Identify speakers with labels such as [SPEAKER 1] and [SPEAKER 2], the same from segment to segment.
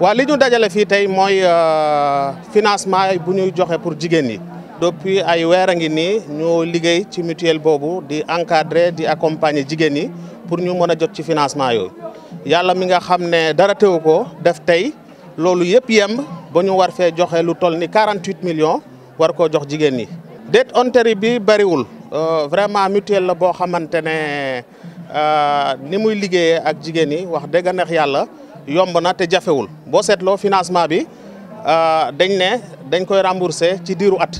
[SPEAKER 1] waaw li ñu dajale fii tey mooy euh, financement bu ñuy joxe pour jigéen yi depuis ay weer a ngi nii ñu liggéey ci mutuelle boobu di encadrer di accompagner jigéen yi pour ñu mën a ci financement yooyu yàlla mi nga xam dara teewu ko def tey loolu yëpp yemb ba ñu war fee joxe lu toll ni 48 millions war koo jox jigéen yi dette ontaire bi bëriwul euh, vraiment mutuelle la boo xamante ne euh, ni muy liggéeyee ak jigéen yi wax dëgg neex yàlla yomb na te jafewul bo setlo financement bi euh, dañ ne dañ koy rembourser ci diru at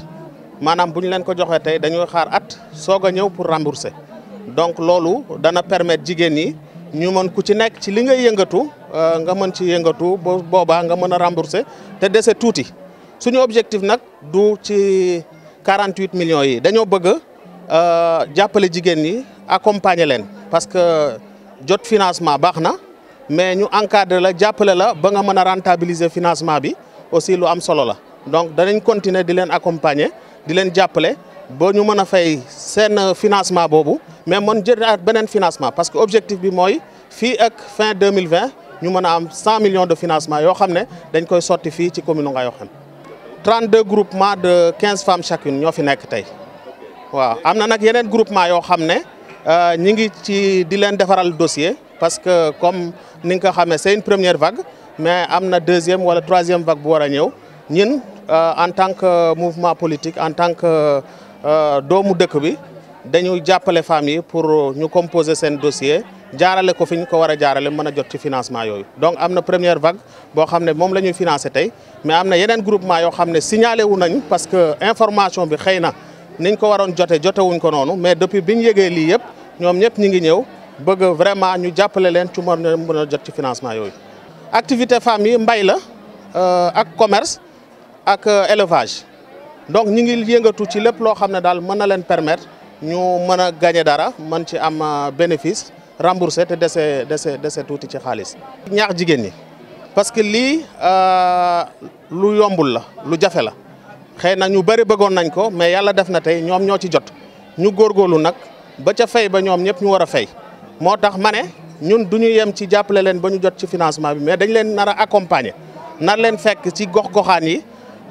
[SPEAKER 1] manam buñ leen ko joxe tay dañu xaar at soga ñew pour rembourser donc lolu dana permettre jigeni, ni ñu mën ku ci nek ci li ngay yëngatu euh, nga mën ci yëngatu ba boobaa nga nak rembourser te déssé touti suñu objectif nak du ci 48 millions yi dañu bëgg euh, jappalé jigen ni accompagner len parce que jot financement baxna mais nous encadrer la jappelé la ba nga mëna rentabiliser financement bi aussi lu am solo la donc nous continuer di leen accompagner di leen jappelé ba ñu mëna fay seen financement mais mais mon jëlaat benen financement parce que objectif bi que, fi ak fin 2020 nous avons 100 millions de financement Nous avons ne dañ koy la fii ci commune Ngayokhème 32 groupements de 15 femmes chacune Nous avons nekk un waaw am na nag yeneen groupement yoo xam euh, ñi dossier parce que comme nous le ko c'est une première vague mais avons une deuxième ou une troisième vague bu war euh, en tant que mouvement politique en tant que euh, doomu nous avons appelé les familles pour nous composer un dossier Jara ko fi des ko wara nous jaarale mën jot financement donc amna première vague nous avons mom lañuy la tay mais nous yenen un groupement yo, nous signaler signalé wu nañ parce que information bi xeyna niñ ko jote ko mais depuis bi yégué li yépp ñom ñoom ñi bëgg vraiment ñu jappalé leen ci mën mën a jot ci financement yooyu. activité femmes yi mbay la euh ak commerce ak euh, élevage donc ñu ngi yëngatu ci lepp lo xamné dal mëna leen permettre ñu mëna gagner dara mën ci am euh, bénéfice rembourser te dese dese dese tuuti ci xaalis. ñaax jigen ni parce que li euh lu yombul la lu jafé la xëy na ñu bari bëggon nañ ko mais yalla def na tay ñom ñoo ci jot ñu gorgolu nak ba ca fay ba ñom ñëpp ñu wara fay. moo tax ma ne ñun du ñu yem ci jàppale leen ba ñu jot ci financement bi mais dañ leen nar a accompagner nar leen fekk ci gox-goxaan yi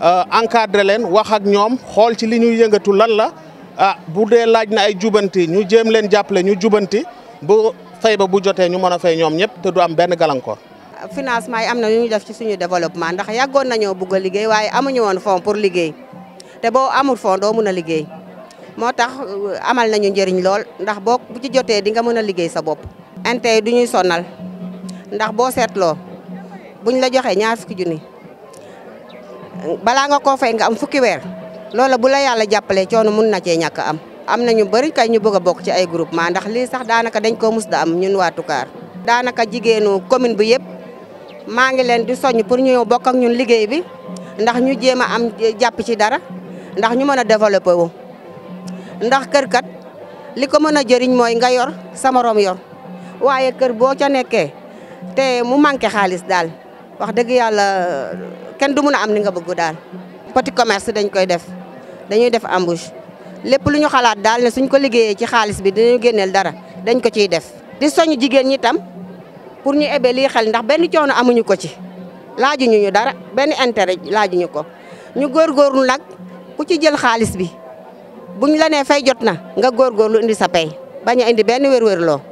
[SPEAKER 1] euh, encadre leen wax ak ñoom xool ci li ñuy yëngatu lan la ah bu dee laaj na ay jubanti ñu jëm leen jàpple ñu jubanti bu fay ba bu jotee ñu mën a fay ñoom ñëpp te du am benn gàllankoor.
[SPEAKER 2] financement yi am na yu ñu def ci suñu développement ndax yàggoon nañoo bugg a liggéey waaye amuñu woon fonds pour liggéey te boo amul fonds doo mun a liggéey. motax euh, amal nañu njëriñ lool ndax bok bu ci joté di nga mëna liggéey sa bop ante duñuy sonal ndax bo sétlo buñ la joxé ñaar fukki juni bala nga ko fay nga am fukki wër loolu bu la yalla jappalé ciono mun na am. am na ñu bëri kay ñu bëgg bok lisa ci ay ma ndax li sax daanaka dañ ko musda am ñun wa tukar daanaka jigéenu commune bu yépp ma ngi leen di soñ pour ñu bok ak ñun liggéey bi ndax ñu am japp ci dara ndax ñu mëna développer wu ndax kër kat liko mëna jëriñ moy nga yor sama rom yor waye kër bo ca nekké te mu manké xaaliss dal wax dëgg yalla kèn du mëna am li nga bëgg dal, petit commerce dañ koy def dañuy def embauche lépp luñu xalaat dal né suñ ko liggéey ci xaaliss bi dañu gënël dara dañ ko ciy def. di soñu jigéen ñi tam pour ñu ébé li xel ndax benn ciono amuñu ko ci laaju ñu dara benn intérêt ñu ko ñu góorgóorlu nak ku ci jël xaaliss bi. buñ la nee fay jot na nga góor góorlu indi sa pay bañ indi benn wér-wér loo